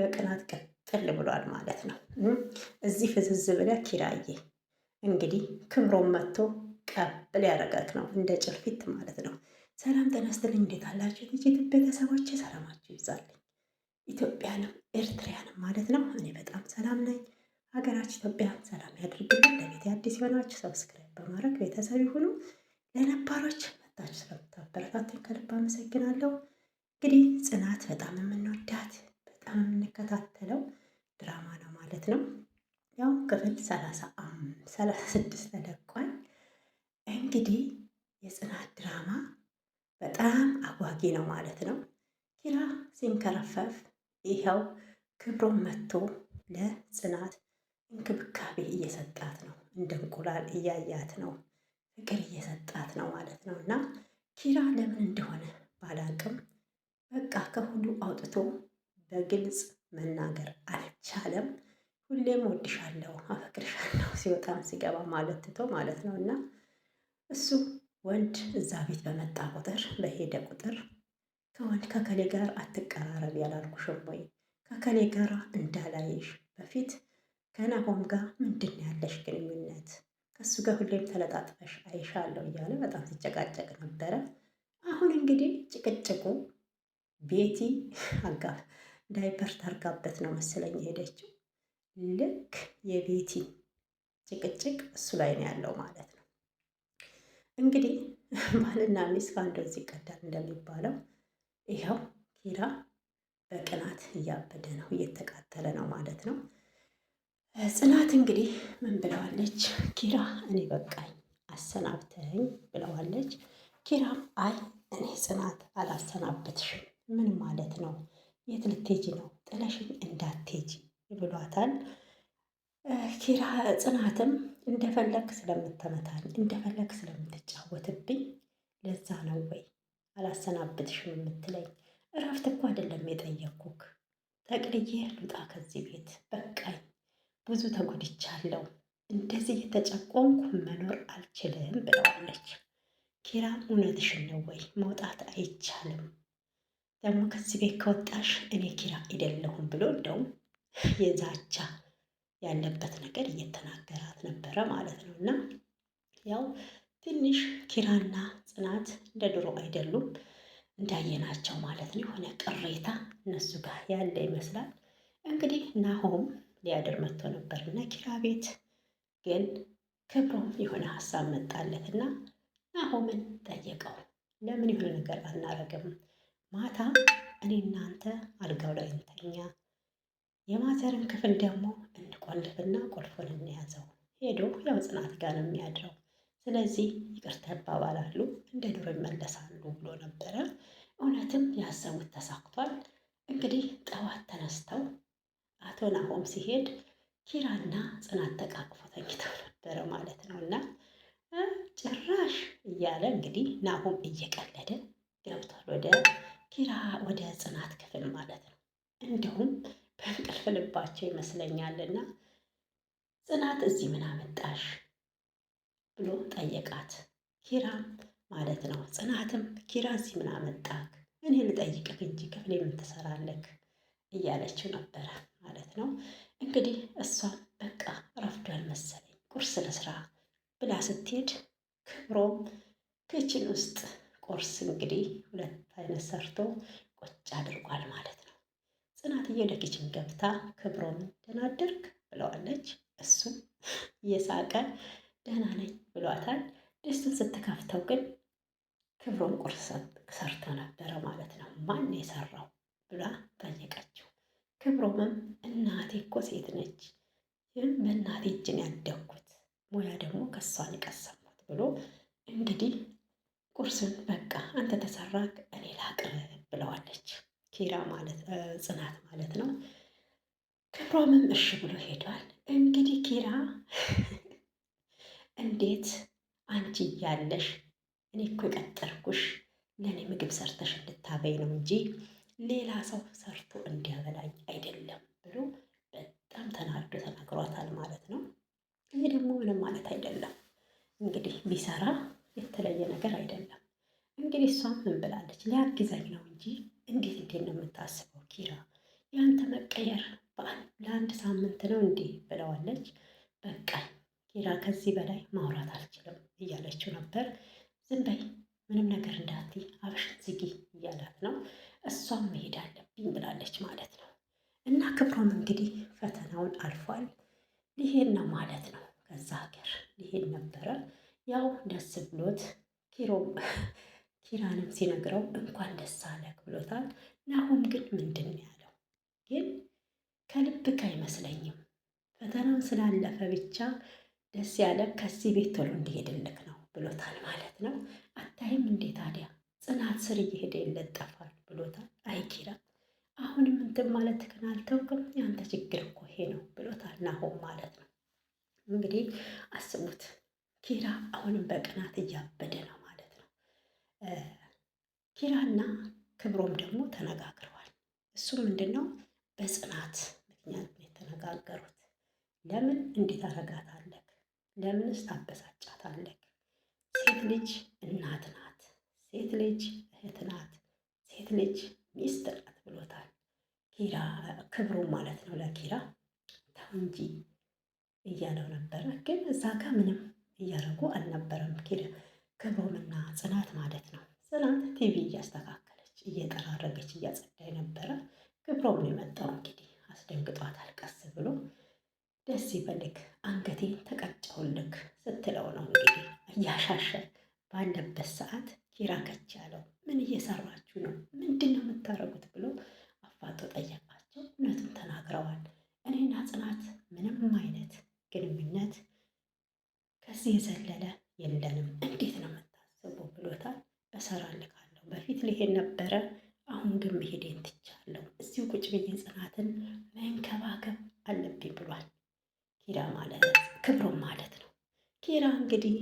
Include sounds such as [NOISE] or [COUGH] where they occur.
በቅናት ቅጥል ብሏል ማለት ነው። እዚህ ፍዝዝ ብለ ኪራዬ እንግዲህ ክብሮም መጥቶ ቀብል ያደረጋት ነው እንደ ጭልፊት ማለት ነው። ሰላም ጤና ይስጥልኝ። እንዴት አላችሁ የዩቲዩብ ቤተሰቦች? ሰላማችሁ ይብዛልኝ። ኢትዮጵያንም ኤርትሪያንም ማለት ነው። እኔ በጣም ሰላም ነኝ። ሀገራችን ኢትዮጵያ ሰላም ያድርግልን። ለቤት አዲስ የሆናችሁ ሰብስክራይብ በማድረግ ቤተሰብ ይሁኑ። ለነባሮች መታችሁ ስለምታበረታቱኝ ከልብ አመሰግናለሁ። እንግዲህ ጽናት በጣም የምንወዳ የምንከታተለው ድራማ ነው ማለት ነው። ያው ክፍል ሰላሳ ስድስት ተለቋል። እንግዲህ የጽናት ድራማ በጣም አጓጊ ነው ማለት ነው። ኪራ ሲንከረፈፍ ይኸው ክብሮም መጥቶ ለጽናት እንክብካቤ እየሰጣት ነው። እንደ እንቁላል እያያት ነው። ፍቅር እየሰጣት ነው ማለት ነው እና ኪራ ለምን እንደሆነ በግልጽ መናገር አልቻለም። ሁሌም ወድሻለሁ፣ አፈቅርሻለሁ [LAUGHS] ሲወጣም ሲገባ ማለት ትቶ ማለት ነው። እና እሱ ወንድ እዛ ቤት በመጣ ቁጥር በሄደ ቁጥር ከወንድ ከከሌ ጋር አትቀራረብ ያላልኩሽም ወይ ከከሌ ጋር እንዳላይሽ በፊት ከናሆም ጋር ምንድን ያለሽ ግንኙነት ከእሱ ጋር ሁሌም ተለጣጥፈሽ አይሻለሁ እያለ በጣም ሲጨቃጨቅ ነበረ። አሁን እንግዲህ ጭቅጭቁ ቤቲ [LAUGHS] አጋ ዳይፐር ታርጋበት ነው መሰለኝ የሄደችው። ልክ የቤቲ ጭቅጭቅ እሱ ላይ ነው ያለው ማለት ነው። እንግዲህ ባልና ሚስት ከአንዱ እዚህ ቀዳል እንደሚባለው ይኸው ኪራ በቅናት እያበደ ነው፣ እየተቃጠለ ነው ማለት ነው። ጽናት እንግዲህ ምን ብለዋለች? ኪራ እኔ በቃኝ አሰናብተኝ ብለዋለች። ኪራም አይ እኔ ጽናት አላሰናብትሽም ምን ማለት ነው የት ልትሄጂ ነው? ጥለሽኝ እንዳትሄጂ ብሏታል። ኪራ ጽናትም እንደፈለግ ስለምትመታኝ እንደፈለግ ስለምትጫወትብኝ ለዛ ነው ወይ አላሰናብትሽም የምትለኝ? እረፍት እኮ አይደለም የጠየኩክ ጠቅልዬ ልውጣ ከዚህ ቤት በቃኝ፣ ብዙ ተጎድቻለሁ፣ እንደዚህ የተጨቆንኩ መኖር አልችልም ብለዋለች። ኪራም እውነትሽን ነው ወይ መውጣት አይቻልም ደግሞ ከዚህ ቤት ከወጣሽ እኔ ኪራ አይደለሁም ብሎ እንደውም የዛቻ ያለበት ነገር እየተናገራት ነበረ ማለት ነው። እና ያው ትንሽ ኪራና ጽናት እንደ ድሮ አይደሉም እንዳየናቸው ማለት ነው። የሆነ ቅሬታ እነሱ ጋር ያለ ይመስላል። እንግዲህ ናሆም ሊያድር መጥቶ ነበር እና ኪራ ቤት ግን ክብሮም የሆነ ሀሳብ መጣለት እና ናሆምን ጠየቀው። ለምን የሆነ ነገር አናረግም ማታ እኔ እናንተ አልጋው ላይ እንተኛ፣ የማዘርን ክፍል ደግሞ እንቆልፍና ቁልፉን እንያዘው። ሄዶ ያው ጽናት ጋር ነው የሚያድረው። ስለዚህ ይቅርታ ይባባላሉ፣ እንደ ድሮ ይመለሳሉ ብሎ ነበረ። እውነትም ያሰቡት ተሳክቷል። እንግዲህ ጠዋት ተነስተው አቶ ናሆም ሲሄድ ኪራና ጽናት ተቃቅፎ ተኝተው ነበረ ማለት ነው። እና ጭራሽ እያለ እንግዲህ ናሆም እየቀለደ ገብቷል ወደ ኪራ ወደ ጽናት ክፍል ማለት ነው። እንዲሁም በእንቅልፍ ልባቸው ይመስለኛልና ጽናት እዚህ ምን አመጣሽ ብሎ ጠየቃት። ኪራም ማለት ነው። ጽናትም ኪራ እዚህ ምን አመጣክ? እኔ ልጠይቅህ እንጂ ክፍሌ ምን እያለችው ነበረ ማለት ነው። እንግዲህ እሷም በቃ ረፍዷል መሰለኝ ቁርስ ለስራ ብላ ስትሄድ ክብሮም ክችን ውስጥ ቁርስ እንግዲህ ሁለት አይነት ሰርቶ ቁጭ አድርጓል ማለት ነው። ጽናትዬ ለኪችን ገብታ ክብሮም ደህና አደርክ ብለዋለች። እሱም እየሳቀ ደህና ነኝ ብሏታል። ድስቱን ስትከፍተው ግን ክብሮም ቁርስ ሰርቶ ነበረ ማለት ነው። ማን የሰራው ብላ ጠየቀችው። ክብሮምም እናቴ እኮ ሴት ነች፣ ግን በእናቴ እጅን ያደግኩት ሙያ ደግሞ ከሷን የቀሰምኩት ብሎ እንግዲህ ቁርስን በቃ አንተ ተሰራክ እኔ ላቅርብ ብለዋለች። ኪራ ማለት ጽናት ማለት ነው። ክብሮምም እሺ ብሎ ሄዷል። እንግዲህ ኪራ [LAUGHS] እንዴት አንቺ እያለሽ እኔ እኮ የቀጠርኩሽ ለእኔ ምግብ ሰርተሽ እንድታበይ ነው እንጂ ሌላ ሰው ሰርቶ እንዲያበላኝ አይደለም ብሎ በጣም ተናዶ ተናግሯታል ማለት ነው። ይህ ደግሞ ምንም ማለት አይደለም እንግዲህ ቢሰራ ነገር አይደለም። እንግዲህ እሷ ምን ብላለች? ሊያግዘኝ ነው እንጂ እንዴት እንዴት ነው የምታስበው ኪራ? ያንተ መቀየር ለአንድ ሳምንት ነው እንዴ ብለዋለች። በቃ ኪራ ከዚህ በላይ ማውራት አልችልም እያለችው ነበር። ዝም በይ ምንም ነገር እንዳት አብሽት ዝጊ እያላት ነው። እሷም መሄድ አለብኝ ብላለች ማለት ነው። እና ክብሮም እንግዲህ ፈተናውን አልፏል። ሊሄድ ነው ማለት ነው። ከዛ ሀገር ሊሄድ ነበረ ያው ደስ ብሎት ኪሮም [LAUGHS] ኪራንም ሲነግረው እንኳን ደስ አለህ ብሎታል። ናሆም ግን ምንድን ነው ያለው? ግን ከልብክ አይመስለኝም ፈተናውን ስላለፈ ብቻ ደስ ያለ ከዚህ ቤት ቶሎ እንዲሄድልክ ነው ብሎታል ማለት ነው። አታይም እንዴ ታዲያ ጽናት ስር እየሄደ ይለጠፋል ብሎታል። አይ ኪራ አሁንም እንትን ማለት ክን አልተውቅም። ያንተ ችግር እኮ ይሄ ነው ብሎታል ናሆም ማለት ነው። እንግዲህ አስቡት ኪራ አሁንም በቅናት እያበደ ነው። ኪራና ክብሮም ደግሞ ተነጋግረዋል። እሱ ምንድን ነው በጽናት ምክንያት የተነጋገሩት። ለምን እንዴት አረጋታለህ? ለምንስ ታበሳጫታለህ? ሴት ልጅ እናት ናት፣ ሴት ልጅ እህት ናት፣ ሴት ልጅ ሚስት ናት ብሎታል። ኪራ ክብሮም ማለት ነው ለኪራ ተው እንጂ እያለው ነበረ። ግን እዛ ጋ ምንም እያደረጉ አልነበረም ኪራ ክብሮምና ጽናት ማለት ነው። ጽናት ቲቪ እያስተካከለች እየጠራረገች እያጸዳይ ነበረ። ክብሮም የመጣው። እንግዲህ አስደንግጧታል። ቀስ ብሎ ደስ ይበልክ አንገቴን ተቀጨውልክ ስትለው ነው እንግዲህ እያሻሸ ባለበት ሰዓት ኪራ ከች ያለው ምን እየሰራችሁ ነው? ምንድን ነው የምታደርጉት? ብሎ አፋጦ ጠየቃቸው። እውነቱን ተናግረዋል። እኔና ጽናት ምንም አይነት ግንኙነት ከዚህ የዘለ ነበረ። አሁን ግን መሄዴን ትቻለሁ። እዚሁ ቁጭ ብዬ ጽናትን መንከባከብ አለብኝ ብሏል። ኪራ ማለት ክብሩም ማለት ነው። ኪራ እንግዲህ